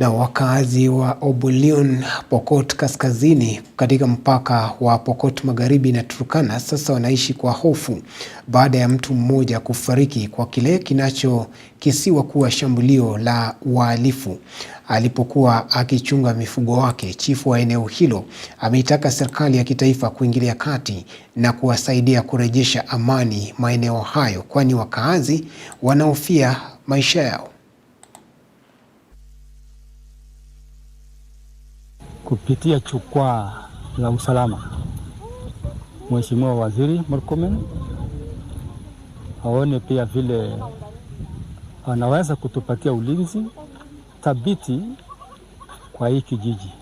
na wakazi wa Obulion Pokot Kaskazini katika mpaka wa Pokot Magharibi na Turkana sasa wanaishi kwa hofu baada ya mtu mmoja kufariki kwa kile kinachokisiwa kuwa shambulio la wahalifu alipokuwa akichunga mifugo wake. Chifu wa eneo hilo ameitaka serikali ya kitaifa kuingilia kati na kuwasaidia kurejesha amani maeneo hayo, kwani wakaazi wanahofia maisha yao. kupitia chukwaa la usalama, Mheshimiwa Waziri Murkomen aone pia vile anaweza kutupatia ulinzi thabiti kwa hii kijiji,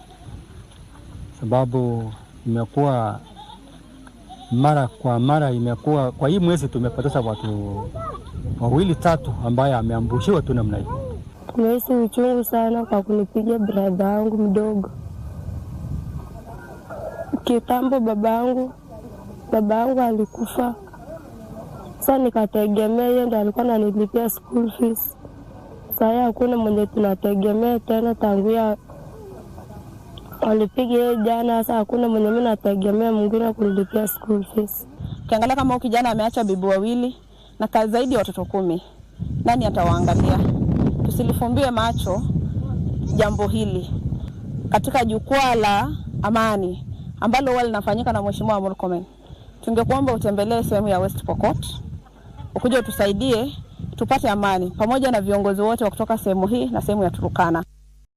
sababu imekuwa mara kwa mara, imekuwa kwa hii mwezi tumepoteza watu wawili tatu, ambaye ameambushiwa tu namna hii. Nimehisi uchungu sana kwa kunipiga brada yangu mdogo kitambo baba baba yangu alikufa, sasa nikategemea yeye ndo alikuwa nanilipia school fees. Sahii hakuna mwenye tunategemea tena, tanguya walipiga yeye jana. Sasa hakuna mwenye mi nategemea mwingine kulipia school fees. Ukiangalia kama huyu kijana ameacha bibi wawili na kazi zaidi ya watoto kumi, nani atawaangalia? Tusilifumbie macho jambo hili katika jukwaa la amani ambalo huwa linafanyika na Mheshimiwa murkomen Tungekuomba utembelee sehemu ya West Pokot, ukuje utusaidie tupate amani pamoja na viongozi wote wa kutoka sehemu hii na sehemu ya Turukana.